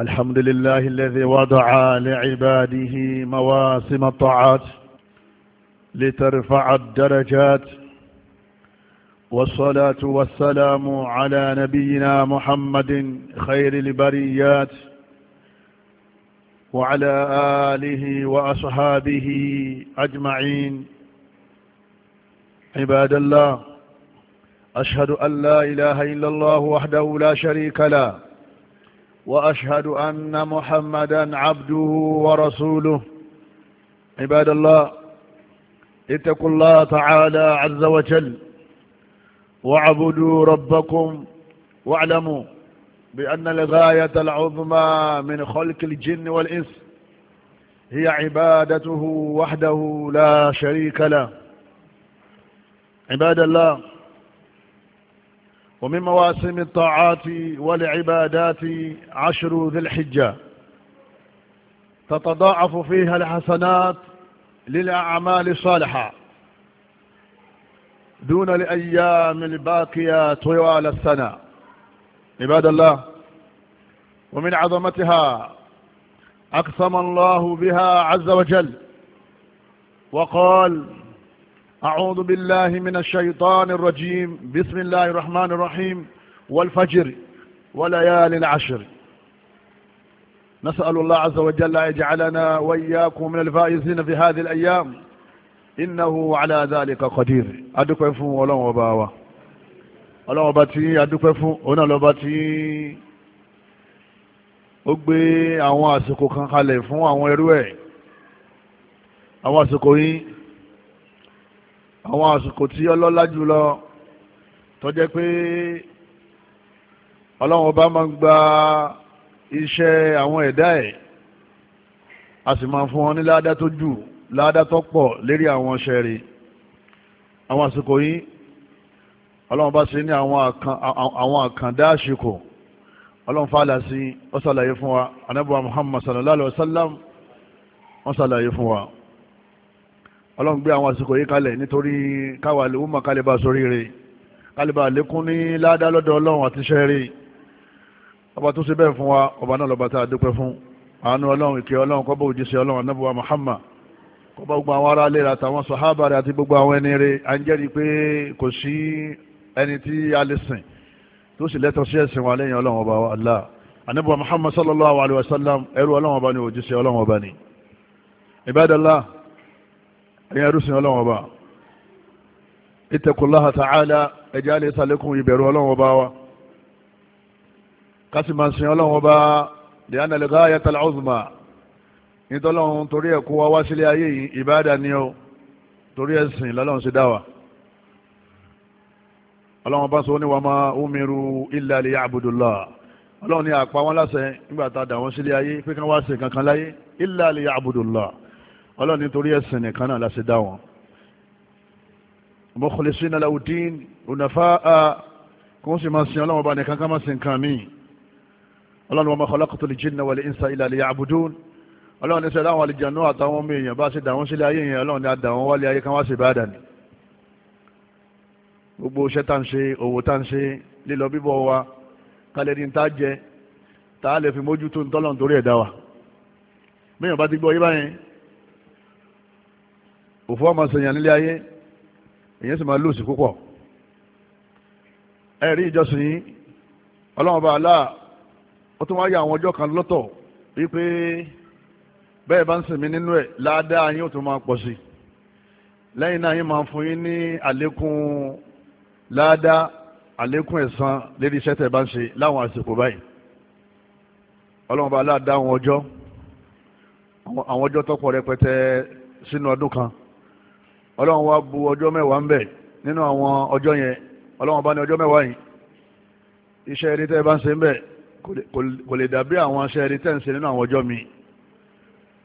الحمد لله الذي وضع لعباده مواسم الطاعات لترفع الدرجات والصلاة والسلام على نبينا محمد خير البريات وعلى آله وأصحابه أجمعين عباد الله أشهد أن لا إله إلا الله وحده لا شريك له وأشهد أن محمدا عبده ورسوله عباد الله اتقوا الله تعالى عز وجل واعبدوا ربكم واعلموا بأن الغاية العظمى من خلق الجن والإنس هي عبادته وحده لا شريك له عباد الله ومن مواسم الطاعات والعبادات عشر ذي الحجة تتضاعف فيها الحسنات للأعمال الصالحة دون الأيام الباقية طوال السنة عباد الله ومن عظمتها أقسم الله بها عز وجل وقال أعوذ بالله من الشيطان الرجيم بسم الله الرحمن الرحيم والفجر وليالي العشر نسأل الله عز وجل أن يجعلنا وإياكم من الفائزين في هذه الأيام إنه على ذلك قدير أدوك فون ولون وباوا ولون وباتي أدوك فون ولون وباتي ó gbé àwọn àsìkò kan kalẹ̀ fún àwọn ẹrú ẹ̀ àwọn àsìkò yìí àwọn àsìkò tí ọlọ́lá jùlọ tó jẹ́ pé ọlọ́run ọba máa ń gba iṣẹ́ àwọn ẹ̀dá ẹ̀ a sì máa fún wọn ní ládá tó jù ládá tó pọ̀ lérí àwọn iṣẹ́ rẹ̀ àwọn àsìkò yìí ọlọ́run bá ṣe ní àwọn àkàndá àsìkò ọlọ́run fàlà sí ó ṣàlàyé fún wa anábọ̀ Muhammad sallallahu alayhi wa sallam wọ́n ṣàlàyé fún wa ọlọ́run gbé àwọn àsìkò yìí kalẹ̀ nítorí káwa lèwu mọ̀ kálíbà sórí rẹ̀ kálíbà lékún ní ládàá lọ́dọ̀ ọlọ́run àti iṣẹ́ rẹ̀ ọba tó ṣe bẹ́ẹ̀ fún wa ọba náà lọ́ba tá a dúpẹ́ fún àánú ọlọ́run ìkẹ́ ọlọ́run kó bá òjíṣẹ́ ọlọ́run anábùwà Muhammad kó bá gbogbo àwọn ará ilé rẹ̀ àtàwọn sàhábà rẹ̀ àti gbogbo àwọn ẹni rẹ̀ à ń jẹ́rìí pé kò sí ẹni tí a lè sìn tó sì lẹ́tọ̀ sí ẹ̀sìn wa lẹ́yìn ọlọ́run ọba Allah anábùwà Muhammad sallallahu alayhi wa sallam ẹrú ọlọ́run ọba ni òjíṣẹ́ ọlọ́run ọba ni Ibadallah ẹ̀yìn ẹrúsìn ọla ọba ìtẹ̀kùnláhà tààlà ẹ̀jẹ̀ àlẹ́ ìsàlẹ̀kùn ìbẹ̀rù ọlọ́run ọba wa ọba lẹ́yìn ayatollah ọ̀zùmá nítọ́lọ́run torí ẹ̀kọ́ wa wá sílé ayé yìí ìbáàdà ni ó torí wa sọ ní wàá máa umiru illa liya'budullah ọlọ́run ni àpá wọn láṣẹ nígbà tá a dà wọn sílé ayé pé kí wá kankan láyé ọlọ́run nítorí ẹ̀sìn nìkan náà láti dá wọn mukhlisina lahud-din hunafa'a kí wọ́n sì máa sin ọlọ́run ọba nìkan ká máa sin nǹkan míì ọlọ́run wa ma khalaqtul jinna wal insa illa liya'budun ọlọ́run ní sẹ́dá àwọn àlìjànú àtàwọn ọmọ èèyàn bá ṣe dà wọ́n sílé ayé yẹn ọlọ́run ní àdàwọn wálé ayé kan wá sí ìbáàdàn ni gbogbo iṣẹ́ tá ń ṣe òwò tá ń ṣe lílọ bíbọ̀ wa kálẹ̀ ní ta jẹ tá a lè fi mójútó ń tọ́lọ̀ nítorí ẹ̀dá wa mẹ́yàn bá ti gbọ́ yí báyẹn òfò ọmọ sèyàn nílé ayé èyàn sì máa lòsì púpọ̀ ẹ rí ìjọsìn yìí ọlọ́run bá aláà ó tún wáyé àwọn ọjọ́ kan lọ́tọ̀ wípé bẹ́ẹ̀ bá ń sìn mí nínú ẹ̀ ládàá yín ó tún máa pọ̀ sí lẹ́yìn náà yín máa fún yín ní àlékún ládàá àlékún ẹ̀san lérí iṣẹ́ tẹ̀ bá ń ṣe láwọn àsìkò báyìí ọlọ́run bá aláà dá àwọn ọjọ́ àwọn ọjọ́ tọ́pọ̀ rẹpẹtẹ sínú ọdún kan ọlọ́run wá bu ọjọ́ mẹ́wàá ń bẹ̀ nínú àwọn ọjọ́ yẹn ọlọ́run bá ní ọjọ́ mẹ́wàá yìí iṣẹ́ eré tẹ́ ẹ bá ń ṣe ń bẹ̀ kò lè dàbí àwọn iṣẹ́ eré tẹ́ ń ṣe nínú àwọn ọjọ́ mi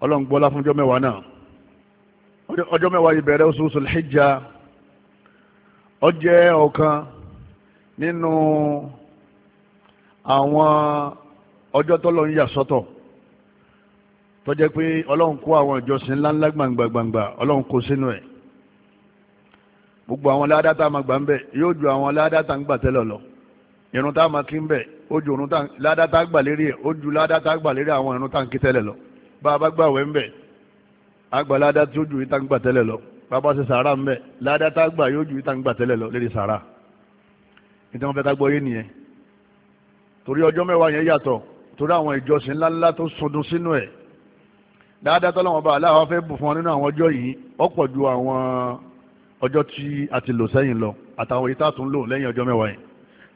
ọlọ́run gbọ́lá fún ọjọ́ mẹ́wàá náà ọjọ́ mẹ́wàá yìí bẹ̀rẹ̀ oṣù Sulhijja ó jẹ́ ọ̀kan nínú àwọn ọjọ́ tọ́lọ́ ń yà sọ́tọ̀ tó pé ọlọ́run kó àwọn ìjọsìn ńláńlá gbàǹgbàǹgbà ọlọ́run kó sínú ẹ̀ gbogbo àwọn ládá tá a máa gbà ń bẹ̀ yóò ju àwọn ládá tá a ń gbà tẹ́lẹ̀ lọ irun tá a máa kí ń bẹ̀ ó ju irun ládá tá a gbà lérí ẹ̀ ó ju ládá tá a gbà lérí àwọn irun tá a ń kí tẹ́lẹ̀ lọ bá a bá gbà wẹ̀ ń bẹ̀ a gbà ládá tí ó ju ìta ń gbà tẹ́lẹ̀ lọ bá a bá ṣe sàárà ń bẹ̀ ládá tá a gbà yóò ju ìta ń gbà tẹ́lẹ̀ lọ lérí sàárà nítorí wọn fẹ́ ká gbọ́ yé nìyẹn torí ọjọ́ mẹ́wàá yẹn ọjọ́ tí a ti lò sẹ́yìn lọ àtàwọn ìta tún lò lẹ́yìn ọjọ́ mẹ́wàá yìí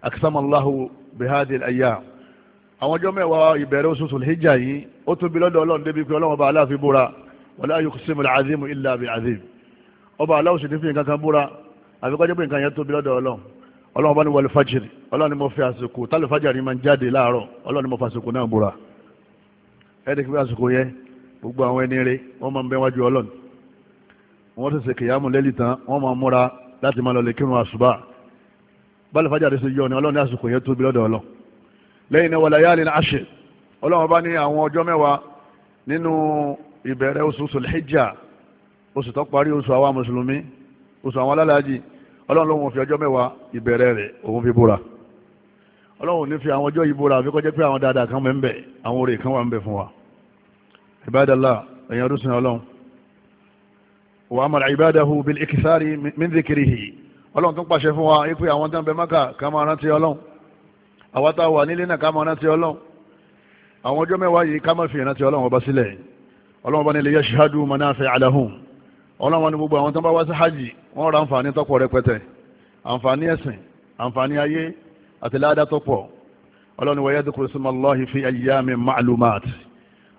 akisamallahu bihadil aya àwọn ọjọ́ mẹ́wàá ìbẹ̀rẹ̀ oṣù sulhijja yìí ó tóbi lọ́dọ̀ ọlọ́run débi pé ọlọ́run ọba aláàfin búra wala yuqsimu al-azimu illa bi azim ọba aláwọ̀ sì ti fi nǹkan kan búra àfikọ́jọ́ pé nǹkan yẹn tóbi lọ́dọ̀ ọlọ́run ọlọ́run ọba ní wal fajri ọlọ́run ni mo fi àsìkò tálẹ̀ ọlọ́run ni mo fi wọ́n ti ṣe kìyàmù lẹ́lì tán wọ́n máa múra láti máa lọ lè kírun àṣùbà báàlì fàjà àti ṣèjọ ni ọlọ́run ní àsìkò yẹn tóbi lọ́dọ̀ ọlọ́ lẹ́yìn náà wàlàyé àlè náà àṣẹ ọlọ́run bá ní àwọn ọjọ́ mẹ́wàá nínú ìbẹ̀rẹ̀ oṣù sùlẹ́jà oṣù tó parí oṣù àwa mùsùlùmí oṣù àwọn alálàájì ọlọ́run lòun fi ọjọ́ mẹ́wàá ìbẹ̀rẹ̀ wa amara ibadahu bil ikisari min zikirihi ọlọ́run tún pàṣẹ fún wa ipe àwọn tó ń bẹ mọ́kà ká máa rántí ọlọ́run àwa tá a wà nílé náà ká máa rántí ọlọ́run àwọn ọjọ́ mẹ́wàá yìí ká máa fi ìrántí ọlọ́run ọba sílẹ̀ ọlọ́run ọba ní ilé yashhadu manafi'a lahum ọlọ́run ní gbogbo àwọn tó ń bá wá sí hajj wọ́n ra àǹfààní tọ́pọ̀ rẹpẹtẹ àǹfààní ẹ̀sìn àǹfààní ayé àti láàdá tọ́pọ̀ ọlọ́run wa yadhkuru ismallahi fi ayyamin ma'lumat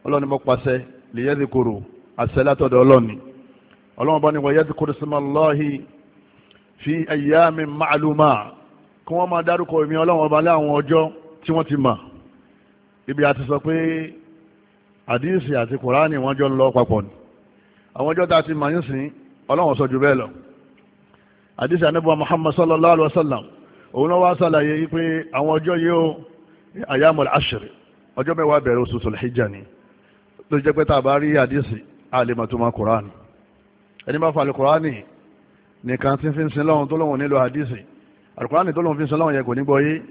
ọlọ́run mọ́ pàṣẹ lè yadhkuru àṣẹ látọ̀dọ̀ ọlọ́run ọlọ́wọ́n bá ní wọ́n yẹ́dì kúrò sí mọ́lọ́hì fi ẹ̀yà mi màálùmá kí wọ́n máa dárúkọ èmi ọlọ́wọ́n bá láwọn ọjọ́ tí wọ́n ti mà ibi àti sọ pé àdíìsì àti kùránì wọ́n jọ ń lọ papọ̀ ni àwọn ọjọ́ tá a ti mà yín sìn ọlọ́wọ́n sọ jù bẹ́ẹ̀ lọ àdíìsì àníbọ̀ Muhammad sallallahu alayhi wa sallam òun náà wá sàlàyé pé àwọn ọjọ́ yìí ó àyàmọ̀lá àṣírí ọjọ́ mẹ́wàá bẹ̀rẹ̀ oṣù sọ̀lẹ̀ hijjani ló jẹ́ pé tá a bá rí àdíìsì àlèmọ̀tòmọ̀ ẹni bá fa alukurani nìkan tí fi ń sin lọ́hùn tó lóhùn nílò hadisi alukurani tó lóhùn fi ń sin lọ́hùn yẹ kò ní gbọ́ yé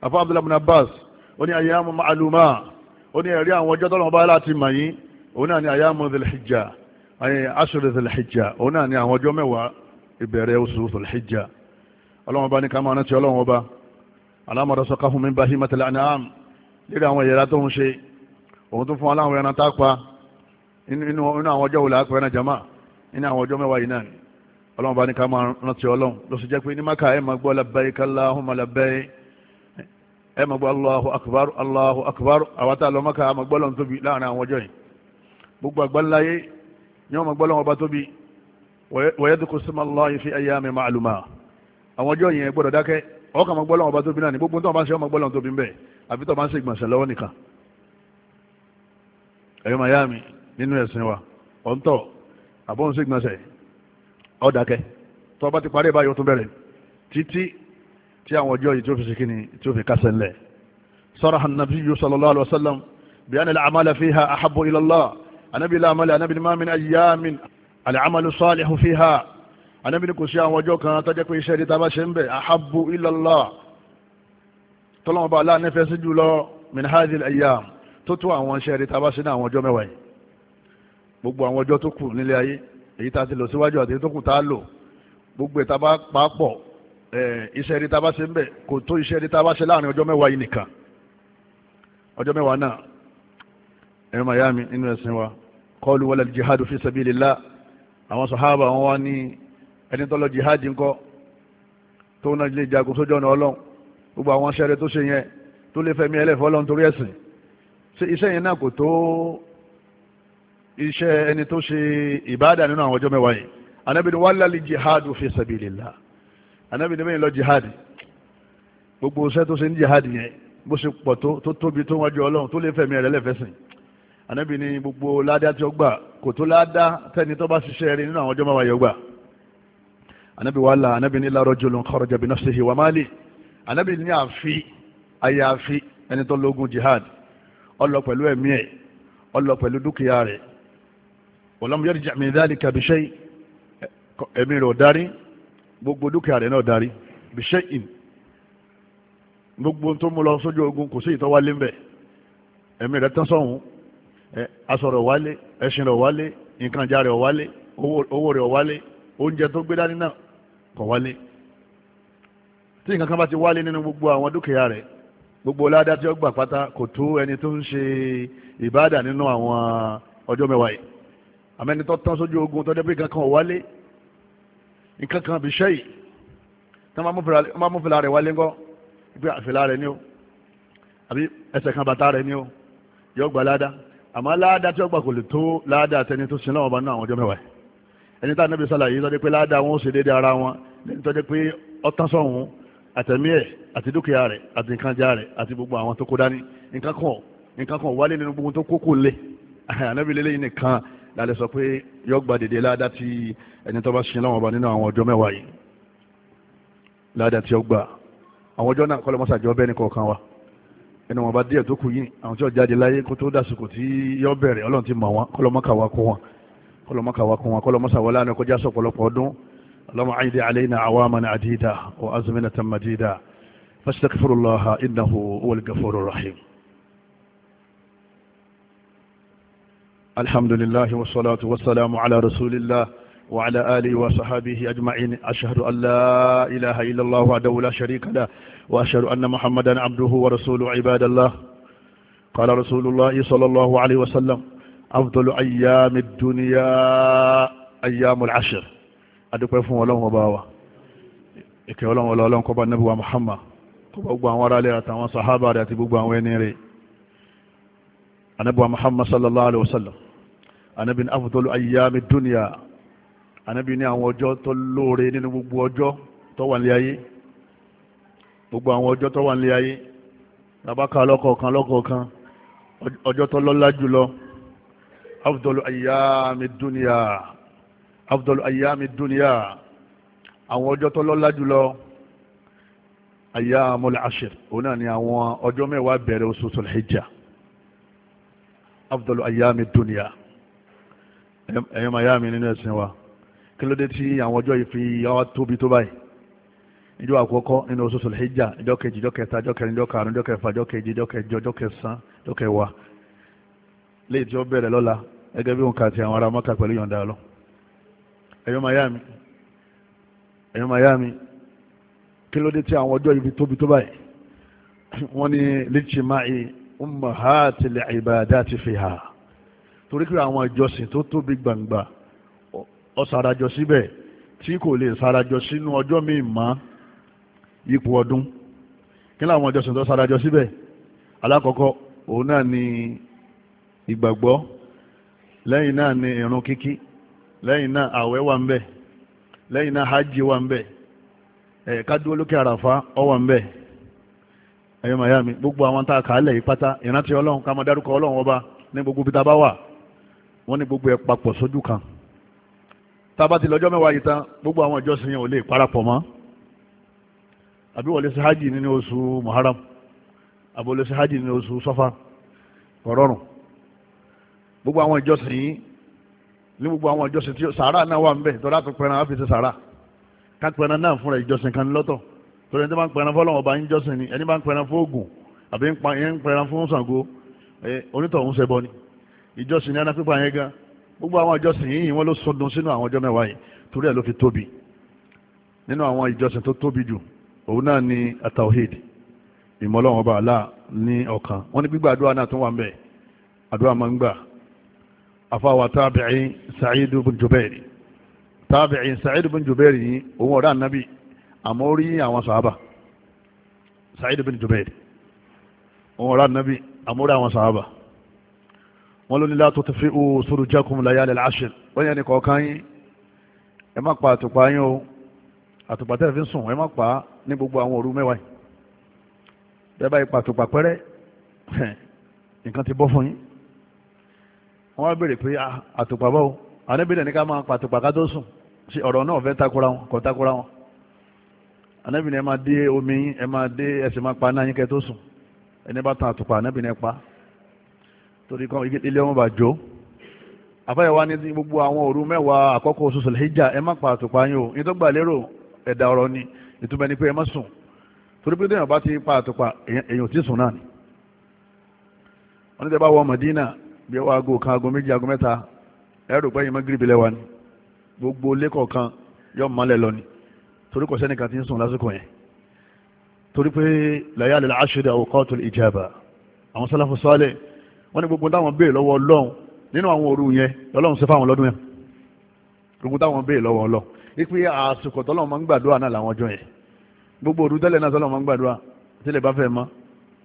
afa abdullahi bin abbas ó ní ayyamu ma'luma ó ní ẹ̀rí àwọn ọjọ́ tọ́lọ́wọ́n bá láti mọ̀ yín òun náà ní ayyamu zilhijja ashur zilhijja òun náà ní àwọn ọjọ́ mẹ́wàá ìbẹ̀rẹ̀ oṣù zilhijja ọlọ́wọ́n bá ní ká máa rántí ọlọ́wọ́n bá alámọ̀dá sọ káfún mi bá hí mẹ́tẹ̀lẹ́ àníhàn lérí àwọn ìyẹ̀rá tó ń ṣe òun tó fún aláwọn ẹran tá pa inú àwọn ọjọ́ wò láàpẹ̀ ẹran jama nínú àwọn ọjọ́ mẹ́wàá yìí náà ni ọlọ́run bá ní ká máa rántí ọlọ́run ló sì jẹ́ pé ní maka ẹ máa gbọ́ labbaika Allahumma labbaik ẹ máa gbọ́ Allahu akbar Allahu akbar àwọn tá a lọ maka a máa gbọ́ lọ́run tóbi láàrin àwọn ọjọ́ yìí gbogbo àgbáláyé ni wọ́n máa gbọ́ lọ́run ọba tóbi wa yadhkuru isma Allahi fi ayyamin ma'lumat àwọn ọjọ́ yìí gbọ́dọ̀ dákẹ́ ọkà máa gbọ́ lọ́run ọba tóbi náà ni gbogbo tó àbọ̀ ń ṣègbọ̀nsẹ̀ ọ̀dàkẹ́ tó bá ti parí báyọ̀ tó bẹ̀rẹ̀ títí tí àwọn ọjọ́ yìí tí ó fi ṣèkíni tí ó fi kásẹ̀ ńlẹ̀ saraha an-nabiyyu sallallahu alaihi wasallam bi anna al-a'mala fiha ahabbu ila Allah anabi lamala anabi ma min ayyamin al-amalu salihu fiha anabi ni kò sí àwọn ọjọ́ kan tó jẹ́ pé iṣẹ́ rí taba ṣe ń bẹ̀ ahabbu ila tọ́lọ́mọba aláàánẹ́fẹ́ sí jùlọ min hadhihi al tó tó àwọn iṣẹ́ rí taba ṣe ní àwọn ọjọ́ mẹ́wàá yìí gbogbo àwọn ọjọ́ tó kù nílé ayé èyí tá a ti lọ síwájú àti tó kù tá a lò gbogbo ẹ̀ tá a bá pa á pọ̀ iṣẹ́ rí tá a bá ṣe ń bẹ̀ kò tó iṣẹ́ rí tá a bá ṣe láàrin ọjọ́ mẹ́wàá yìí nìkan ọjọ́ mẹ́wàá náà ẹ̀rọ màyá nínú ẹ̀sìn wa kọlu wọlé jihadu fi sabilillah àwọn sàhábà wọn wá ní ẹni tọ́lọ jihadi ńkọ́ tó ń lè jagun sójú ọ̀nà ọlọ́run gbogbo àwọn iṣẹ́ tó ṣe yẹn tó lè fẹ̀mí ẹlẹ́fọ́ ọlọ́run torí ẹ̀sìn iṣẹ́ yẹn náà kò tó iṣẹ́ ẹni tó ṣe ìbáàdà nínú àwọn ọjọ́ mẹ́wàá yìí anábì ní wàhálà lè jihad fi sabilillah anábì ní bẹ́yìn lọ jihad gbogbo iṣẹ́ tó ṣe ní jihad yẹn bó ṣe pọ̀ tó tó tóbi tó wájú ọlọ́run tó lè fẹ̀mí rẹ̀ lẹ́fẹ̀sìn anábì ní gbogbo ládá tí ó gbà kò tó ládá tẹ́ni tó bá ṣiṣẹ́ rí nínú àwọn ọjọ́ mẹ́wàá yóò gbà anábì wàhálà anábì ní la rajulun kharaja bi nafsihi wa mali anábì ní àfi àyàfi ẹni tó dúkìá rẹ̀ walam yarji' min dhalika bi shay' ẹ̀mí rẹ̀ ọ̀darí gbogbo dúkìá rẹ̀ náà darí bi shay'in gbogbo tó mú lọ sójú ogun kò sí ìtọ́wálé ń bẹ̀ ẹ̀mí rẹ̀ tán sọ̀hún aṣọ rẹ̀ wálé ẹṣin rẹ̀ wálé nǹkan ìjà rẹ̀ wálé owó rẹ̀ wálé oúnjẹ tó gbé dání náà kọ̀ wálé tí nǹkan kan bá ti wálé nínú gbogbo àwọn dúkìá rẹ̀ gbogbo ládá tí ó gbà pátá kò tó ẹni tó ń ṣe ìbáàdà nínú àwọn ọjọ́ mẹ́wàá yìí àmẹ́ni tó tán sójú ogun tó dẹ́bí kankan wálé nǹkan kan bí sẹ́yì tó máa mú fìlà rẹ̀ wálé ńkọ́ ìgbé àfìlà rẹ̀ ni ó àbí ẹsẹ̀ kan bàtà rẹ̀ ni ó yọ gbà láàdá àmọ́ láàdá tí ó gbà kò lè tó láàdá àtẹni tó sin láwọn bá náà àwọn ọjọ́ mẹ́wàá ẹni tá níbi sálàyé tó dé pé láàdá wọn ó ṣe déédéé ara wọn lẹ́ni tó dé pé ọtán sọ̀hún àtẹ̀mí ẹ̀ àti dúkìá rẹ̀ àti nǹkan já rẹ̀ àti gbogbo àwọn tó kó dání nǹkan kan nǹkan kan wálé nínú gbogbo tó kókó lé ànábìlélẹ́yìn nìkan lálẹ́ sọ pé yọ gba dèdè ládá tí ẹni tó bá ṣe láwọn ọba nínú àwọn ọjọ́ mẹ́wàá yìí ládá tí ó gbà àwọn ọjọ́ náà kọ́lọ́ mọ́sàjọ́ bẹ́ẹ̀ ní kọ̀ọ̀kan wa ẹni wọn bá díẹ̀ tó kù yìí àwọn tí ó jáde láyé kó tó dásìkò tí yọ bẹ̀rẹ̀ ọlọ́run ti mọ̀ wọn kọ́lọ́ mọ́kàwá kó wọn kọ́lọ́ mọ́kàwá kó wọn kọ́lọ́ mọ́sàwọ́ lánàá kọjá sọ̀pọ̀lọpọ̀ ọdún اللهم عيد الله إنه هو الغفور الرحيم الحمد لله والصلاة والسلام على رسول الله وعلى آله وصحابه أجمعين أشهد أن لا إله إلا الله وحده لا شريك له وأشهد أن محمدا عبده ورسوله عباد الله قال رسول الله صلى الله عليه وسلم أفضل أيام الدنيا أيام العشر أدوكوا فهم ولهم وباوا إكي ولهم ولهم كبا النبي محمد كبا أقوان ورالي أتوان صحابة أتبقوا أنوينيري النبي محمد صلى الله عليه وسلم anabi ní afdolu ayyami dunya anabi ní àwọn ọjọ́ tó lóore nínú gbogbo ọjọ́ tó wà nílé ayé gbogbo àwọn ọjọ́ tó wà nílé ayé labaka lọ́kọ̀ọ̀kan lọ́kọ̀ọ̀kan ọjọ́ tó lọ́lá jùlọ afdolu ayyami dunya afdolu ayyami dunya àwọn ọjọ́ tó lọ́lá jùlọ ayyamul ashir òun náà ni àwọn ọjọ́ mẹ́wàá bẹ̀rẹ̀ oṣù Sulhijja afdolu ayyami dunya ẹ̀yin máa yá mi nínú ẹ̀sìn wa kí ló dé tí àwọn ọjọ́ yìí fi yá tóbi tó báyìí ìjọ àkọ́kọ́ nínú oṣù sọ̀lẹ́jà ìjọ kejì ìjọ kẹta ìjọ kẹrin ìjọ karùn-ún ìjọ kẹfà ìjọ kejì ìjọ kẹjọ ìjọ kẹsàn-án ìjọ kẹwàá léyìí tí ó bẹ̀rẹ̀ lọ́la gẹ́gẹ́ bí òun kà ti àwọn ará mọ́kà pẹ̀lú yọ̀ǹda lọ ẹ̀yin máa yá mi kí ló dé tí àwọn ọjọ́ yìí fi tóbi tó báyìí wọ́n ní lichima'i ummahatil ibadati torí pé àwọn ìjọsìn tó tóbi gbangba ọ̀sàràjọ síbẹ̀ tí kò lè sàràjọ sínú ọjọ́ míì mọ́ ipò ọdún kí láwọn ìjọsìn tó sàràjọ síbẹ̀ alákọ̀ọ́kọ́ òun náà ni ìgbàgbọ́ lẹ́yìn náà ni ìrun kíkí lẹ́yìn náà àwẹ̀ wà ń bẹ̀ lẹ́yìn náà hajj wà ń bẹ̀ ẹ̀ kádúró lókè àràfá ọ wà ń bẹ̀ ẹ̀yọ́ màyà gbogbo àwọn tá a kà á lẹ̀ yìí pátá ìrántí ọlọ́run ká máa dárúkọ ọlọ́run ọba ní gbogbo bí ta bá wà wọ́n ní gbogbo ẹ̀ papọ̀ sójú kan tába ti lọ́jọ́ mẹ́wàá yìí tán gbogbo àwọn ìjọsìn yẹn ò lè parapọ̀ mọ́ àbí wọlé sí hajj nínú oṣù muharram àbí wọlé sí hajj nínú oṣù sọfà kọ̀rọ̀rùn gbogbo àwọn ìjọsìn yìí ní gbogbo àwọn ìjọsìn tí sàárà náà wà ń bẹ̀ tọ́lá tó pẹran á fi ṣe sàárà ká pẹran náà fúnra ìjọsìn kan lọ́tọ̀ torí ẹni bá ń pẹran fọlọ́wọ́ bá ń jọsìn ni ẹni bá ń pẹran fún Ògún àbí ń pẹran fún Ṣàngó onítọ̀hún ṣẹbọ ni ìjọsìn ní ẹran pípa yẹn gan gbogbo àwọn ìjọsìn yìí wọ́n ló sọdún sínú àwọn ọjọ́ mẹ́wàá yìí torí ẹ̀ ló fi tóbi nínú àwọn ìjọsìn tó tóbi jù òun náà ni atawhid ìmọ̀lọ́wọ́n ọba àlá ní ọ̀kan wọ́n ní gbígbà àdúrà náà tún wà ń àdúrà máa ń gbà yìí òun ọ̀rẹ́ ànábì àmọ́ rí àwọn sàábà wọ́n ló ní látò tó fi ó sórí jákùn láyé alẹ́ láṣẹ wọ́n yẹn ni kọ̀ọ̀kan yín ẹ má pa àtùpà yín o àtùpà tẹ́lẹ̀ fi ń sùn ẹ má pa ní gbogbo àwọn òru mẹ́wàá yìí bẹ́ẹ̀ báyìí pa àtùpà pẹ́rẹ́ nǹkan ti bọ́ fún yín wọ́n wá béèrè pé àtùpà báwo ànábìrẹ̀ ní ká máa pa àtùpà ká tó sùn ṣe ọ̀rọ̀ náà fẹ́ takora wọn kò takora wọn ànábìrẹ̀ ẹ máa dé omi yín ẹ máa dé ẹsẹ̀ máa pa náà yín kẹ́ tó sùn ẹni bá tan àtùpà ànábìrẹ̀ pa torí kan ilé wọn bá jó àfáyẹ̀wá ní gbogbo àwọn òru mẹ́wàá àkọ́kọ́ oṣù sọ̀lẹ́jà ẹ má pa àtùpà yín o ní tó gbà lérò ẹ̀dà ọ̀rọ̀ ni ìtumọ̀ ni pé ẹ má sùn torí pé téèyàn bá ti pa àtùpà èèyàn ti sùn náà ni wọ́n ní tẹ́ bá wọ Mọ̀dínà bí ọwọ́ aago kan aago méjì aago mẹ́ta ẹ̀rù pé yìí mọ́gìrì bilẹ̀ wa ni gbogbo ilé yọ mọ́lẹ̀ lọ ni torí kò sẹ́nìkan ti ń sùn lásìkò yẹn torí pé làyà àlè wọ́n ní gbogbo táwọn béèrè lọ́wọ́ ọlọ́run nínú àwọn òru yẹn lọ́lọ́run ṣe fáwọn lọ́dún yẹn gbogbo táwọn béèrè lọ́wọ́ ọlọ́run ipe àsìkò tọ́lọ́run máa ń gbàdúrà náà làwọn ọjọ́ yẹn gbogbo òru tẹ́lẹ̀ náà tọ́lọ́run máa ń gbàdúrà tẹ́lẹ̀ bá fẹ́ mọ́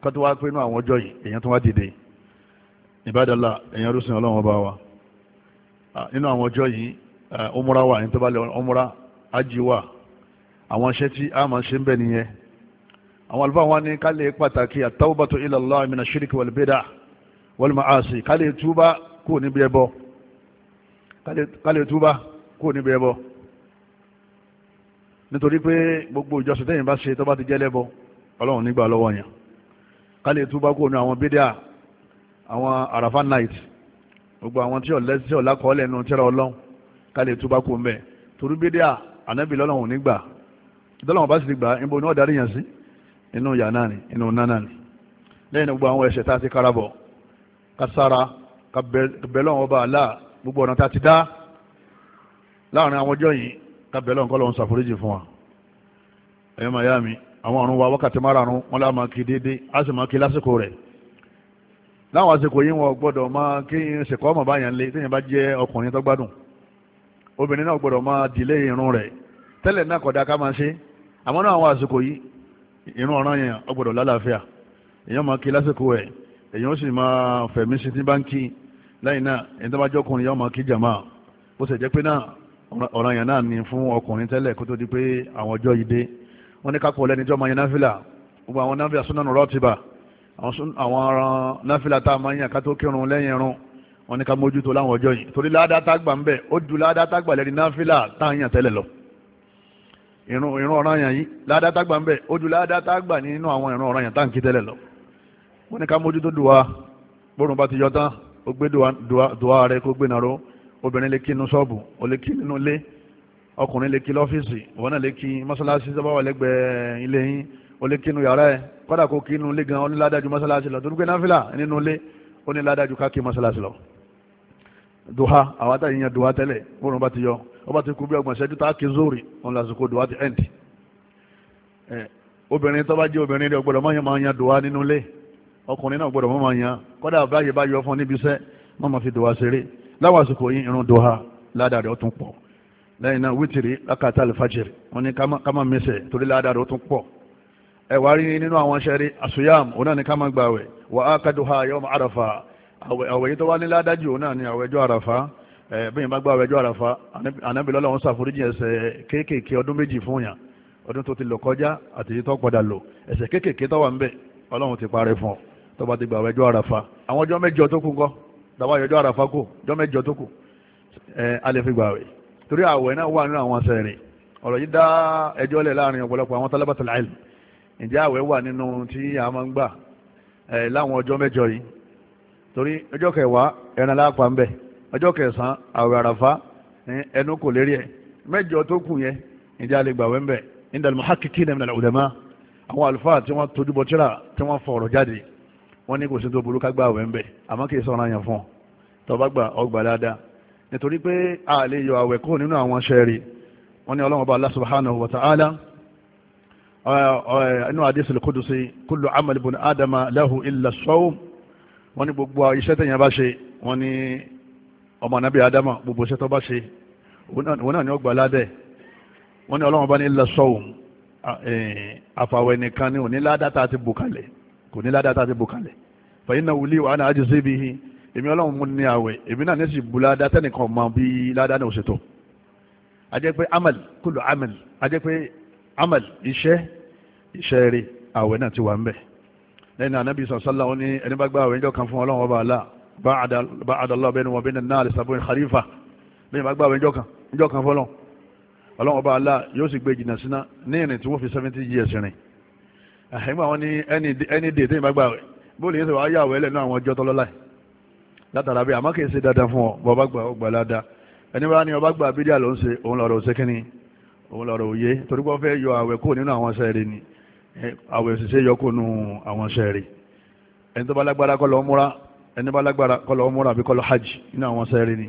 kó tó wá pé inú àwọn ọjọ́ yìí èèyàn tó wá dìde ìbádọ́là èèyàn rúṣin ọlọ́run ọba wa nínú àwọn ọjọ́ yìí ọmúra wà ní tó ọmúra ájì wà àwọn iṣẹ́ tí a máa ṣe ń bẹ nìyẹn àwọn àlùfáà wa ní ká lè pàtàkì at-tawbatu ila Allah min ash-shirki wal bid'ah wal maasi ká lè túbá kó níbi ẹbọ ká lè túbá kó níbi ẹbọ nítorí pé gbogbo ìjọsìn tẹ́yìn bá ṣe tó bá ti jẹ́ lẹ́bọ ọlọ́run nígbà lọ́wọ́ yẹn ká lè túbá kó ní àwọn bídíà àwọn àràfà night gbogbo àwọn tí ọ̀lẹ́sẹ̀ ọ̀làkọọ́lẹ̀ nù tẹ́ra ọlọ́run ká lè túbá kó mbẹ́ torí bídíà ànábì lọ́lọ́run nígbà ìdọ́lọ́wọ́n bá sì ti gbà níbo ni wọ́n darí yẹn sí inú yàrá ni inú nánà ni lẹ́yìn gbogbo àwọn ẹ̀ṣẹ̀ tá a ti kárabọ̀ kására kàbẹ̀lọ́n ọba àlá gbogbo ọ̀nà tá a ti dá láàrin àwọn ọjọ́ yìí kàbẹ̀lọ́n kọ́ lọ́n ṣàforíjì fún wa ẹ̀yọ́ màá yá mi àwọn ọ̀run wa wákàtí márààrún wọn lá máa kí déédé á sì máa kí lásìkò rẹ̀ láwọn àsìkò yìí wọn gbọ́dọ̀ máa kí n ṣèkọ ọmọ báyà lé téèyàn bá jẹ́ ọkùnrin tó gbádùn obìnrin náà gbọ́dọ̀ máa dìlé irun rẹ̀ tẹ́lẹ̀ náà kódà èyàn sì máa fẹ̀mí sí ní báńkì lẹ́yìn náà ẹni tó bá jẹ́ ọkùnrin yóò máa kí jàmá bó ṣe jẹ́ pé náà ọ̀ràn yẹn náà ni fún ọkùnrin tẹ́lẹ̀ kó tó di pé àwọn ọjọ́ yìí dé wọ́n ní kápọ̀ lẹ́ni jọ́ máa yan náfìlà gbogbo àwọn náfìlà súnánù rọ́ọ̀tìbà àwọn ọ̀ràn náfìlà tá a máa yàn ká tó kírun lẹ́yìn irun wọ́n ní ká mójútó láwọn ọjọ́ yìí torí ládàá tágbà ń bẹ ó ju ládàá tágbà lẹ́ni wọ́n ní ká mójútó dùwà bórun bá ti yọ tán ó gbé dùwà rẹ kó gbé nàró obìnrin lè kí inú ṣọ́ọ̀bù ó lè kí nínú ilé ọkùnrin lè kí lọ́fíìsì ìwọ náà lè kí mọ́ṣáláṣí sábà wà lẹ́gbẹ̀ẹ́ ilé yín ó lè kí inú yàrá ẹ̀ kọ́dà kó kí inú ilé gan ó ní ládájú mọ́ṣáláṣí lọ torí pé náfìlà nínú ilé ó ní ládájú ká kí mọ́ṣáláṣí lọ. dùhà àwọn àtàyè yan dùhà tẹ́lẹ̀ ti yọ ó bá ti kú bí ọgbọ̀n ṣẹ́jú tá a kí zóòrì òun lásìkò dùhà ti ọkùnrin náà gbọ́dọ̀ mọ́mọ́ yan kọ́dà báyìí bá yọ fún níbi iṣẹ́ mọ́mọ́ fi dùwà ṣeré láwọn àsìkò yìí irun dùwà ládàá rẹ̀ ó tún pọ̀ lẹ́yìn náà wítìrì lákàtà àlùfájìrì wọn ni ká má mẹsẹ̀ torí ládàá rẹ̀ ó tún pọ̀ ẹ wá rí nínú àwọn ṣẹ́rí àṣùyàm òun náà ni ká má gbàwẹ̀ wà á ká dùwà ni àwẹ̀jọ́ àràfà bẹ́yìn bá gbàwẹ̀ ẹjọ́ àràfà ànábìlọ́lọ́ wọn ṣàforíjì ẹ̀ṣẹ̀ kéékèèké ọdún méjì fún yàn ọdún tó ti lọ kọjá àti èyí tó padà lọ ẹ̀ṣẹ̀ kéékèèké tó wà ń bẹ Ọlọ́run ti parẹ́ fún ọ tó bá ti gbà wọ ẹjọ́ àràfà àwọn ọjọ́ mẹ́jọ tó kù ńkọ́ dàbá ẹjọ́ àràfà kù ọjọ́ mẹ́jọ tó kù ẹ alẹ́ fi gbà wẹ̀ torí àwẹ̀ náà wà nínú àwọn sẹ́rin ọ̀rọ̀ yìí dá ẹjọ́ lẹ̀ láàrin ọ̀pọ̀lọpọ̀ àwọn talabatul ilm ǹjẹ́ àwẹ̀ wà nínú tí a máa ń gbà ẹ láwọn ọjọ́ mẹ́jọ yìí torí ọjọ́ kẹwàá ẹran lápá ń bẹ̀ ọjọ́ kẹsàn-án àwẹ̀ àràfà ẹnu kò lérí ẹ̀ mẹ́jọ tó kù yẹn ǹjẹ́ a lè gbà ń bẹ̀ indal muhaqqiqina min al àwọn àlùfáà tí wọ́n tójúbọ tíra tí wọ́n fọ ọ̀rọ̀ jáde wọ́n ní kò sí tó burú ká gbààwẹ̀ ń bẹ̀ àmọ́ kì í sọ̀rọ̀ àyàn fún ọ tó ọgbà dáadáa nítorí pé a lè yọ àwẹ̀ kúrò nínú àwọn ṣẹ́ẹ̀rì wọ́n ní ọlọ́run ọba Allah subhanahu wa ta'ala inú hadith al-qudusi kullu amal ibn adama lahu illa as-sawm wọ́n ní gbogbo iṣẹ́ tẹ̀yàn bá ṣe wọ́n ní ọmọ anábì adama gbogbo iṣẹ́ tó bá ṣe wọ́n náà ní ọgbà ládẹ̀ wọ́n ní ọlọ́run ọba ní illa as àfàwẹ̀ nìkan ní òní ládàá tá a kò ní ládàá tàbí bùkálẹ̀ fẹ̀yìn náà wuli wàhánà ájú sí ibi yìí èmi ọlọ́run mú ní àwẹ̀ èmi náà nẹ́sì bu ládàá tẹ́nìkan mọ bí ládàá náà ò ṣètò ajẹ́ pé amal kúlù amal ajẹ́ pé amal iṣẹ́ iṣẹ́ rí àwẹ̀ náà ti wà ń bẹ̀ lẹ́yìn náà anábì sọ̀sọ́lá ó ní ẹni bá gba àwẹ̀ níjọ́ kan fún ọlọ́run ọba àlá bá àdàlọ́ bẹ́ni wọn bẹ́ni àìmọ́ àwọn ní ẹni dè tẹ́yìn bá gbà wẹ̀ bó lè ṣe wàá yà wẹ́lẹ̀ náà àwọn ọjọ́ tọ́lọ́lá yìí látara bí àmọ́ kì í ṣe dandan fún ọ bọ́ bá gbà ó gbà ládàá ẹni bá ní ọba gbà bídíà ló ń ṣe òun lọ́rọ̀ òṣè kínní òun lọ́rọ̀ òye torí pé wọ́n fẹ́ yọ àwẹ̀ kó nínú àwọn sẹ́ẹ̀rì ni àwẹ̀ òṣìṣẹ́ yọ kó nù àwọn sẹ́ẹ̀rì ẹni tó bá lágbára kó lọ múra ẹni bá lágbára kó lọ múra àbí kó lọ hajj nínú àwọn sẹ́ẹ̀rì ni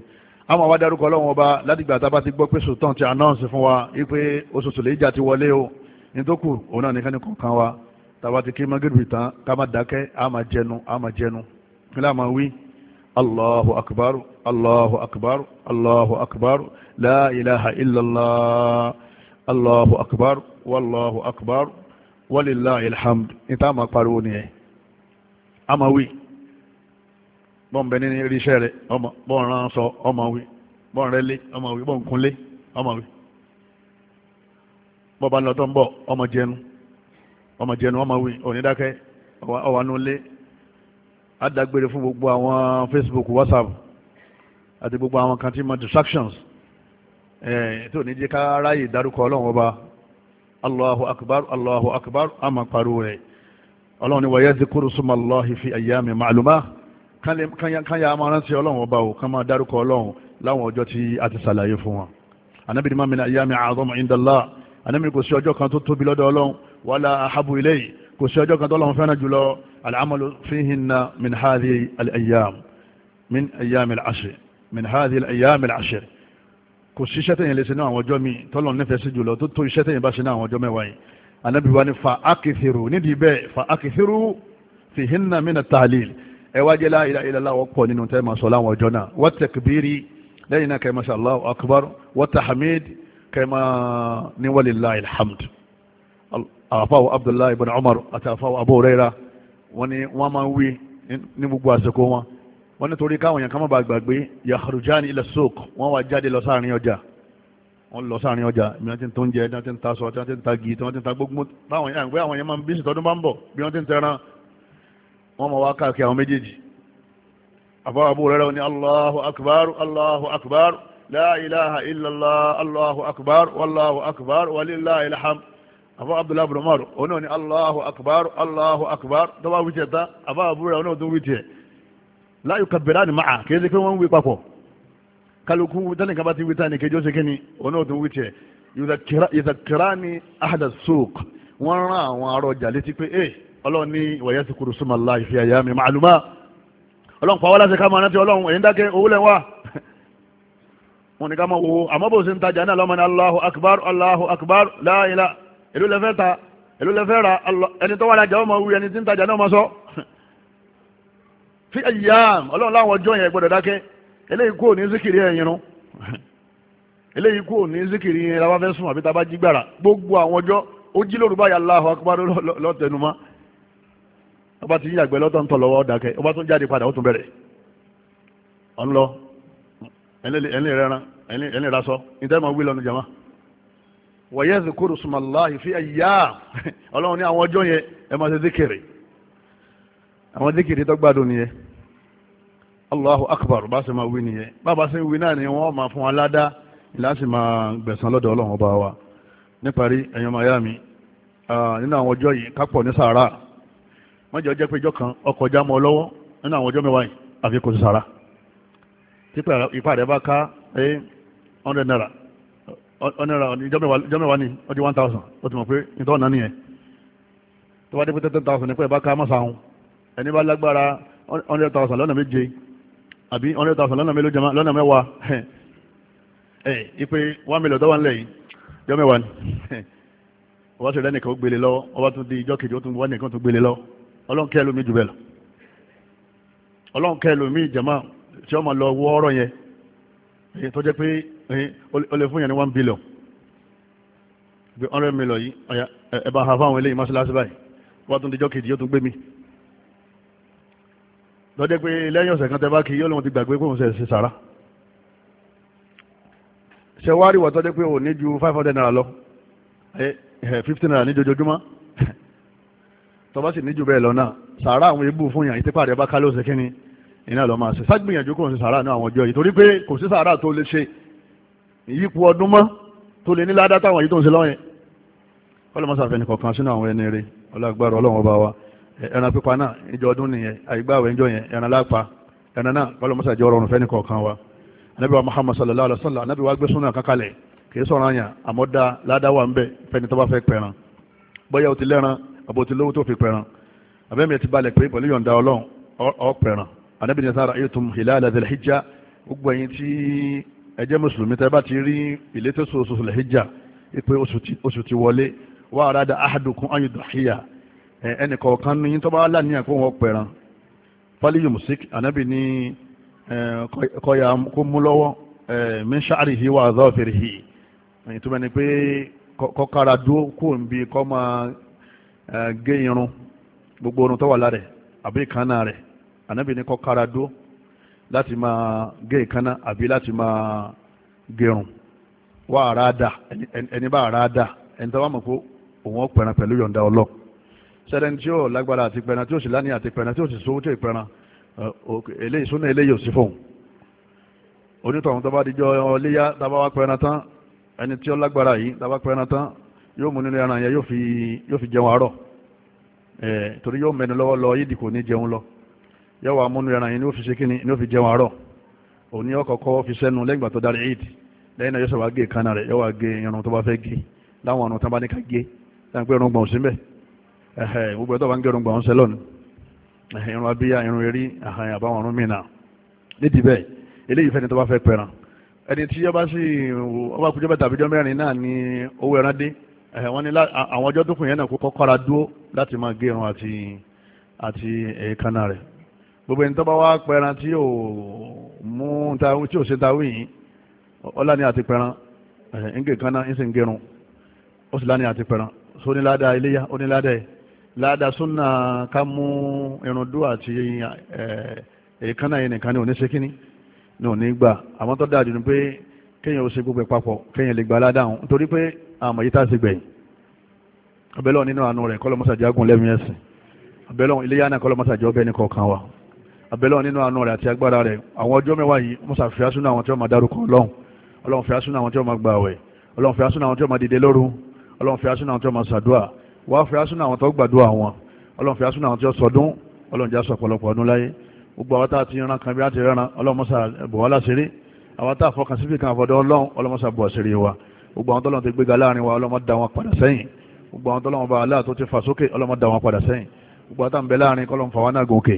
àmọ́ wá dárúkọ ọlọ́run tá a bá ti gbọ́ pé sultan ti announce fún wa wípé oṣù tòlẹ́jà ti wọlé o ní tó kù òun náà nìkan ní kọ̀ọ̀kan wa tàbá ti kí magrebi tán ká má dákẹ́ á má jẹnu á má jẹnu kí láà máa wí allahu akbar allahu akbar allahu akbar la ilaha illallah allahu akbar wallahu akbar walillahi alhamd níta máa pariwo nìyẹn á máa wí bọ́n bẹ ní irinṣẹ́ rẹ̀ ọmọ bọ́n rán sọ ọmọ wí bọ́n rẹ lé ọmọ wí bọ́n kún lé ọmọ wí bọ́n ọmọ jẹnu ọmọ wí onídákẹ́ ọwà nulẹ̀ adágbére fún gbogbo àwọn Facebook WhatsApp àti gbogbo àwọn kan tí mo distractions ẹ̀ tó ní jẹ́ ká ráyè dárúkọ ọlọ́run ọba Allahu akbar Allahu akbar àmà pariwo rẹ̀ ọlọ́run ni wàyẹ́ zikuru suma Allahi fi ayyami maaluma kan ya máa rántí ọlọ́run ọba o kan máa dárúkọ ọlọ́run láwọn ọjọ́ tí a ti ṣàlàyé fún wọn anábìrì máa mi ní ayyami a'zamu inda Allah anábìrì kò sí ọjọ́ kan tó tóbi lọ́dọ̀ ọlọ́run wàlá àhábù ilé yìí kò sí ọjọ́ kan tọ́lọ́run fẹ́ràn jùlọ al'amalu fihinna min hadhi al'ayyam min ayyam al'ashr min hadhi al'ayyam al'ashr kò sí iṣẹ́ tẹ̀yìn lè ṣe ní àwọn ọjọ́ mi tọ́lọ́run nífẹ̀ẹ́ sí jùlọ tó tó iṣẹ́ tẹ̀yìn bá ṣe ní àwọn ọjọ́ mẹ́wàá yìí anabi wa ni fa akithiru nídìí bẹ́ẹ̀ fa akithiru fihinna min at ẹ wá jẹ́ la ilaha illallah wọ́pọ̀ nínú tẹ́ máa sọ láwọn ọjọ́ náà wa takbiri lẹ́yìn náà kẹ́ máa ṣe akbar wa tahmid kẹ́ máa ní walillahil àfáwọ̀ abdullahi ibn umar àti àfáwọ̀ abu huraira wọ́n ní wọ́n máa ń wí ní gbogbo àsìkò wọn wọ́n nítorí káwọn èèyàn kan máa bá gbàgbé yakhrujani ila suq wọ́n wá jáde lọ sáàrin ọjà wọ́n lọ sáàrin ọjà bí wọ́n ti ń tó ń jẹ bí wọ́n ti ń ta aṣọ bí wọ́n ti ń ta gi bí wọ́n ti ń ta gbogbo báwọn èèyàn pé àwọn èèyàn máa ń bí ìsìtọ́dún bá ń bọ̀ bí wọ́n ti ń tẹran wọ́n máa wá káàkiri àwọn méjèèjì àbáwọ̀ àbúrò rẹ̀ ni allahu akbar allahu akbar la ilaha illallah akbar wallahu akbar walillahil hamd àbá abdullahi bin umar òun náà ni allahu akbar allahu akbar tó bá wíjẹ ta àbá àbúrò òun náà tó wíjẹ láyò kàbẹ̀rẹ̀ ni màá kì í ṣe pé wọ́n ń wí papọ̀ kálukú tẹ́lẹ̀ kan bá ti wí ta ni kejì ó ṣe kíni òun náà tó wíjẹ ìzàkìrá ni ahada souk wọ́n rán àwọn arọ ọjà létí pé ẹ eh, ọlọ́run ní wàyẹ́ ti kúrò súnmọ́ láì fi àyà mi màálùmá ọlọ́run pa wá láti ká máa rántí ọlọ́run ẹ̀yìn dákẹ́ owó lẹ́wà wọn ni ká máa wo àmọ́ bó ṣe ń tajà náà lọ́mọ allahu akbar allahu akbar la èló lẹ́fẹ́ ta èló lẹ́fẹ́ ra ẹni tó wà lájà ọmọ wí ẹni tí ń tajà náà mọ sọ fi ayyam ọlọ́run láwọn ọjọ́ yẹn gbọ́dọ̀ dákẹ́ eléyìí kú òní síkìrì ẹ̀yìn rún eléyìí kú òní síkìrì làwọn fẹ́ sùn a bá jí gbàrà gbogbo àwọn ọjọ́ ó jí lóru báyà Allahu akbar lọ́tẹnumá ọba ti yàgbẹ́ lọ́tọ̀ ẹni ní jama wọ̀yẹ́ zikuru sumalahi fi ayyam ọlọ́run ní àwọn ọjọ́ yẹn ẹ máa ṣe zikiri àwọn zikiri tó nìyẹn allahu akbar bá ṣe máa wí nìyẹn bàbá ṣe ń wí náà ni wọ́n máa fún wa ládá ìlà sì máa gbẹ̀sán lọ́dọ̀ ọlọ́run ọba wa níparí ẹ̀yàn màyá mi nínú àwọn ọjọ́ yìí kápọ̀ ní sàárà mọ́jọ́ jẹ́ pé ijọ́ kan ọkọ̀ já mọ́ lọ́wọ́ nínú àwọn ọjọ́ mẹ́wàá yìí sàárà tí ìpàdé bá ká 100 naira ọ̀nẹ́ra ìjọ́mẹ̀wá ní ọdí one thousand ó ti mọ̀ pé ìtọ́ ọ̀nà nìyẹn tó bá dé pé ten thousand nípa ìbá ká mọ́sà ọ̀hún ẹni bá lágbára hundred thousand lọ́nà méje àbí hundred thousand lọ́nà mélòó jama lọ́nà mẹ́wàá ẹ̀ ipe one million dọ́wọ́ ńlẹ̀ yìí jọ́mẹ̀wá ni ọba tó lẹ́nìkan ó gbélé lọ ọba tó di ìjọ́ kejì ó tún wá nìkan tó gbélé lọ ọlọ́run kẹ́ lómi jù bẹ́ẹ̀ lọ ọlọ́run kẹ́ lómi jama tí ọmọ lọ wọ́ ọ̀rọ̀ yẹn tó jẹ́ pé ó lè fún yẹn ní one billion bí hundred million yìí ẹ bá ha fáwọn eléyìí mọ́ṣáláṣí báyìí wọ́n tún dijọ́ kejì yóò tún gbé mi lọ́jọ́ pé lẹ́yìn ọ̀sẹ̀ kan tẹ́ bá kí yóò lóun ti gbàgbé pé òun ṣe ṣe sàrà ṣe wá rí wọ́tọ́jọ́ pé ò ní ju five hundred naira lọ fifteen naira ní jojoojúmọ́ tọ́ba sì ní ju bẹ́ẹ̀ lọ náà sàrà àwọn ebú fún yàn ìtẹ́pà rẹ̀ bá kálẹ̀ ọ̀sẹ̀ kínní iná lọ máa ṣe ságbìyànjú kò sí sàárà ní àwọn ọjọ́ yìí torí pé kò sí sàárà tó lè ṣe ìyípo ọdún mọ́ tó lè ní ládá táwọn yìí tó ń ṣe lọ́yìn ọlọ́mọsàfẹ́ nìkan kan sínú àwọn ẹni rẹ̀ ọlọ́gbàrọ̀ ọlọ́wọ́n bá wa ẹran pípa náà ìjọ ọdún nìyẹn àìgbàwẹ̀ ìjọ yẹn ẹran lápa ẹran náà ọlọ́mọsàjẹ́ ọrọ̀ ọ̀rùn kan wa anabi wa muhammad sallallahu alaihi wa sallam anabi wa gbé súnà kankalẹ̀ kì í sọ̀rọ̀ àyàn àmọ́ da ládá wà ń bẹ̀ fẹ́ni tó bá fẹ́ pẹ̀ràn bóyá o ti lẹ́ran àbò ti lówó tó fi pẹ̀ràn àbẹ́mi ti balẹ̀ pé pẹ̀lú yọ̀ǹda ọlọ́run ọ pẹ̀ràn anábì ní sára ayétum hilala zil hijja gbogbo ẹ̀yin tí ẹ jẹ́ mùsùlùmí tẹ́ bá ti rí ìlétòsó oṣù zil hijja ipe oṣù ti wọlé wà rádà ahadukum ayé dùhíyà ẹnì kọ̀ọ̀kan ní tó bá láníyàn kó wọn pẹ̀ràn fáliyù musik anábì ní kọ̀yà kó mú lọ́wọ́ min sha'rihi wa dhafirihi ẹ̀yìn tó mẹ́ni pé kọ́kára dúó kó ń bi kọ́ máa gé irun gbogbo orun tó wà lára àbí ìkànnà rẹ̀ ànábì ní kọ́ kára dó láti máa gé ìkánná àbí láti máa gẹrun wá ara dà ẹni bá ara dà ẹni tó wà mọ̀ pé òun ọ̀pẹ̀ràn pẹ̀lú yọ̀ǹda ọlọ́ sẹ́dẹ̀ tí ó lágbára àti pẹ̀ràn tí ó sì lánìí àti pẹ̀ràn tí ó sì sówó tí ó pẹ̀ràn eléyìí súnà eléyìí ò sí fóun onítọ̀hún tó bá dijọ́ iléyà tábà wá pẹ̀ràn tán ẹni tí ó lágbára yìí tábà pẹ̀ràn tán yóò mú nínú ẹran yẹn yóò fi jẹun àárọ̀ torí yóò mẹ́ni lọ́wọ́ lọ yídì kò ní jẹun lọ yọwọ amúnú ẹran yìí ni ó fi ṣe kíni ni ó fi jẹun àárọ̀ òní ọkọ̀ọ̀kọ́ fi sẹ́nu lẹ́gbàá tó darí eid lẹ́yìn náà yóò sọ̀rọ̀ agé kaná rẹ̀ yọwọ agé irun tó bá fẹ́ gé láwọn ọ̀nà tó bá ní ká gé láwọn pé irun gbọ̀n sí mbẹ̀ ẹ̀hẹ̀ gbogbo ẹ̀ tó bá ń gé irun gbọ̀n sẹ́lọ̀ ni irun abíyá irun erí àbáwọn ọ̀run mìíràn nídìí bẹ́ẹ̀ eléyìí fẹ́ni tó bá fẹ́ pẹran ẹni tí yọba sí ọba ni owó ẹran dé ẹ̀hẹ̀ wọ́n ní àwọn ọjọ́ tó kù yẹn náà kó kọ́kọ́ra dúró láti gbogbo ẹni tó bá wá pẹran tí ò mú tí ò ṣe tawí yìí ọlá ni àti pẹran ẹ̀ǹgẹ̀ kan náà ń sì ń gerun ó sì láni àti pẹran so ní ládàá iléyà ó ní ládàá ẹ̀ ládàá súnà ká mú irundú àti èèkánná yìí nìkan ní oníṣekíní ní òní gbà àmọ́ tó dáa jù ní pé kéèyàn ó ṣe gbogbo ẹ̀ papọ̀ kéèyàn lè gba ládàá òun nítorí pé àmọ̀ yìí tá a ti gbẹ̀yìn ọbẹ̀ lọ́wọ́ nínú àánú rẹ̀ kọ́lọ́mọ́sàjọ́ agùn lẹ́mìí ẹ̀sìn ọbẹ̀ lọ́wọ́ iléyà náà kọ́lọ́mọ́sàjọ́ ọbẹ̀ ní kọ̀ọ̀kan wa abẹ́lẹ́ wọn nínú àánú rẹ̀ àti agbára rẹ̀ àwọn ọjọ́ mẹ́wàá yìí musa fi asúnà àwọn tí wọ́n máa dárúkọ ọlọ́run ọlọ́run fi asúnà àwọn tí wọ́n máa gbà wẹ̀ ọlọ́run fi asúnà àwọn tí wọ́n máa dìde lóru ọlọ́run fi asúnà àwọn tí wọ́n máa ṣàdúà wàá fi asúnà àwọn tó gbàdúà wọn ọlọ́run fi asúnà àwọn tí wọ́n sọdún ọlọ́run já sọ ọ̀pọ̀lọpọ̀ ọdún láyé gbogbo àwọn tá a ti ran kan bí a ti gbogbo àtàǹbẹ̀ láàrin kọ́lọ́run fà náà gòkè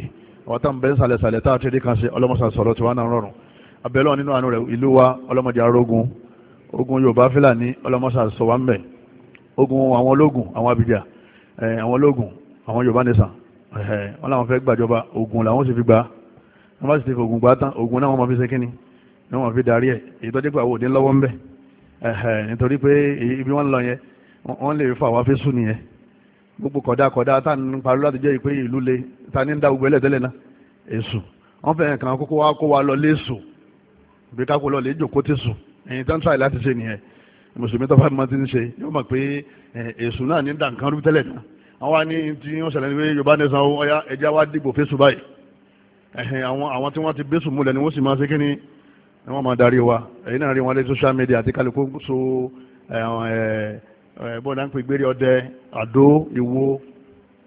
àwọn táwọn bẹ́ẹ̀ sàlẹ̀sàlẹ̀ tá a ti rí kan ṣe ọlọ́mọṣà sọ̀rọ̀ tí wọ́n náà rọrùn abẹ́lọ́ nínú àánú rẹ̀ ìlú wa ọlọ́mọdé arógun ogun yorùbá fúlàní ọlọ́mọṣà sọ wá ń bẹ̀ ogun àwọn ológun àwọn abidjan àwọn ológun àwọn yorùbá nìsan wọn làwọn fẹ́ gbàjọba ogun làwọn sì fi gbà wọn bá sì ti fi ogun gbà tán ogun náà wọn fi ṣe kínní ni wọn fi darí ẹ èyí tó dé pé àwọn òde ńlọ́wọ́ ń bẹ̀ nítorí pé ibi wọn lọ yẹn wọn lè fa àwọn afẹ́sùn nìyẹn gbogbo kọ̀dákọ̀dá tá n parí láti jẹ́ ìpé ìlú le ta ní ń da gbogbo ẹlẹ́tẹ́lẹ̀ náà èṣù wọ́n fẹ́ kàn kókó wá kó wa lọ léṣù bí káko lọ lè jòkó tẹ̀sù ẹ̀yin tán tíráì láti ṣe nìyẹn mùsùlùmí tó bá mọ ti ń ṣe yóò mọ̀ pé èṣù náà ní dànkan rú tẹ́lẹ̀ náà àwọn wa ní tí wọ́n ṣẹlẹ̀ ní pé yorùbá ní san ọya ẹja wa dìbò fẹ́ṣù báyìí àwọn tí wọ́n ti bẹ́ṣù múlẹ̀ ni wọ́n sì máa ṣe kí media àti kálukú Eh, bọ́ọ̀dá ń pè gbére ọdẹ àdó ìwo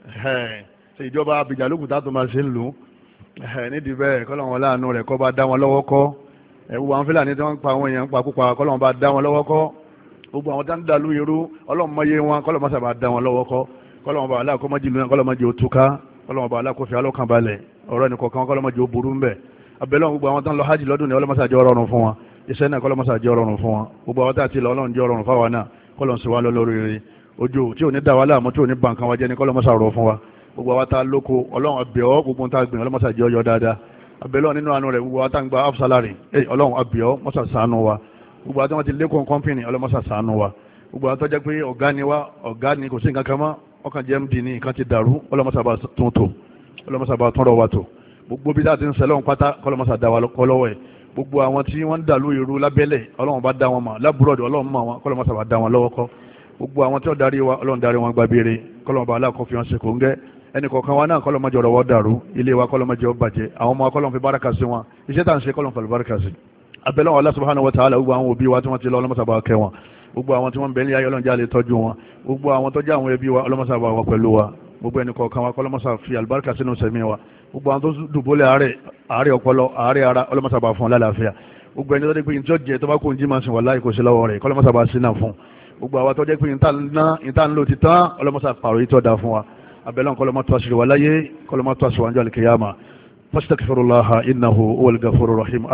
eh, ṣe ìjọba abidjan lókun tá a tó máa ṣe ń lò eh, nídìí bẹ́ẹ̀ kọ́lọ́wọ́n láàánú rẹ̀ kọ́ bá dá wọn lọ́wọ́ kọ́ gbogbo àwọn fúlàní tí wọ́n ń pa àwọn èèyàn ń pa púpa kọ́lọ́wọ́n bá dá wọn lọ́wọ́ kọ́ gbogbo àwọn tá ń dàlú irú ọlọ́mọye wọn kọ́lọ́wọ́n sábà dá wọn lọ́wọ́ kọ́ kọ́lọ́wọ́n bá aláàkọ́ mọ́jì lóyún kọ́lọ́wọ́n jẹ́ òtúká kọ́lọ́wọ́n bá aláàkọ́ fi alọ́kàn balẹ̀ ọ̀rọ̀ ẹnì kọ̀ọ̀kan kọ́lọ́wọ́n jẹ́ òburú ń bẹ̀ abẹ́lẹ́ gbogbo àwọn tán lọ hajj lọ́dún ni ọlọ́mọsàjọ́ rọrùn fún wọn iṣẹ́ náà kọ́lọ́mọsàjọ́ rọrùn fún wọn gbogbo àwọn tá a ti lọ ọlọ́run jẹ́ rọrùn fáwọn náà kọ́lọ̀ ń ṣe wá lọ́lọ́rí rẹ̀ ojú tí ò ní dà wá láàmú tí ò ní ba nǹkan wa jẹ́ ni kọ́lọ́ mọ́sà rọ̀ fún wa gbogbo àwa tá lóko ọlọ́run àbẹ̀ọ́ gbogbo tá a gbìn jẹ́ ọyọ́ dáadáa àbẹ̀lọ́ nínú àánú rẹ̀ gbogbo àwa gba afsalari ọlọ́run àbẹ̀ọ́ mọ́sà ṣàánú wa gbogbo àwa tí ti lékún kọ́ńpìnì ọlọ́mọ́sà ṣàánú wa gbogbo àwa tó jẹ́ pé ọ̀gá ni wa ọ̀gá ni kò sí nǹkan kan mọ́ ọkàn jẹ́ md ní nǹkan ti dàrú ọlọ́mọ́sà bá tún rọ̀ wa tó gbogbo bí láti ń gbogbo àwọn tí wọ́n ń dàlú ìrú lábẹ́lẹ̀ ọlọ́run bá dá wọn mọ̀ lábúrọ̀dù ọlọ́run mọ̀ wọn kọ́lọ́mọ́ sábà dá wọn lọ́wọ́ kọ́ gbogbo àwọn tí wọ́n darí wa ọlọ́run darí wọn gba béèrè kọ́lọ́mọ́ bá aláàkọ́ fi wọn ṣe kóńgẹ́ ẹnì kọ̀ọ̀kan wa náà kọ́lọ́mọ́ jọ̀rọ̀ wọ́n dàrú ilé wa kọ́lọ́mọ́ jẹ́ bàjẹ́ àwọn ọmọ kọ́lọ́mọ́ fi báraka sí wọn iṣẹ́ tá ń ṣe kọ́lọ́mọ́ fi báraka sí abẹ́lẹ́ wọn Allah subhanahu wa ta'ala gbogbo àwọn òbí wa tí wọ́n ti lọ ọlọ́mọ́sàbà kẹ́ wọn gbogbo àwọn tí wọ́n ń bẹ̀lẹ́ ayé ọlọ́njà lè tọ́jú wọn gbogbo àwọn tọ́jú àwọn ẹbí wa ọlọ́mọ́sàbà wà pẹ̀lú wa gbogbo ẹnì kọ̀ọ̀kan wa kọ́lọ́mọ́sà fi àlùbáríkà sínú sẹ́mi wa gbogbo àwọn tó dùbólẹ̀ àárẹ̀ àárẹ̀ ọpọlọ àárẹ̀ ara ọlọ́mọsàbà fún ọlálàáfíà gbogbo ẹni tó dé pé ìjọ jẹ tó bá kó njí máa sìn wà láì kó sí lọ́wọ́ rẹ̀ kọ́lọ́mọsàbà sí náà fún gbogbo àwọn tó jẹ́ pé ìta ń lò ti tán ọlọ́mọsà pààrọ̀ ìtọ́ da fún wa abẹ́lẹ́ kọ́lọ́mọ tó aṣèrè wà láyé kọ́lọ́mọ tó aṣèrè wà ní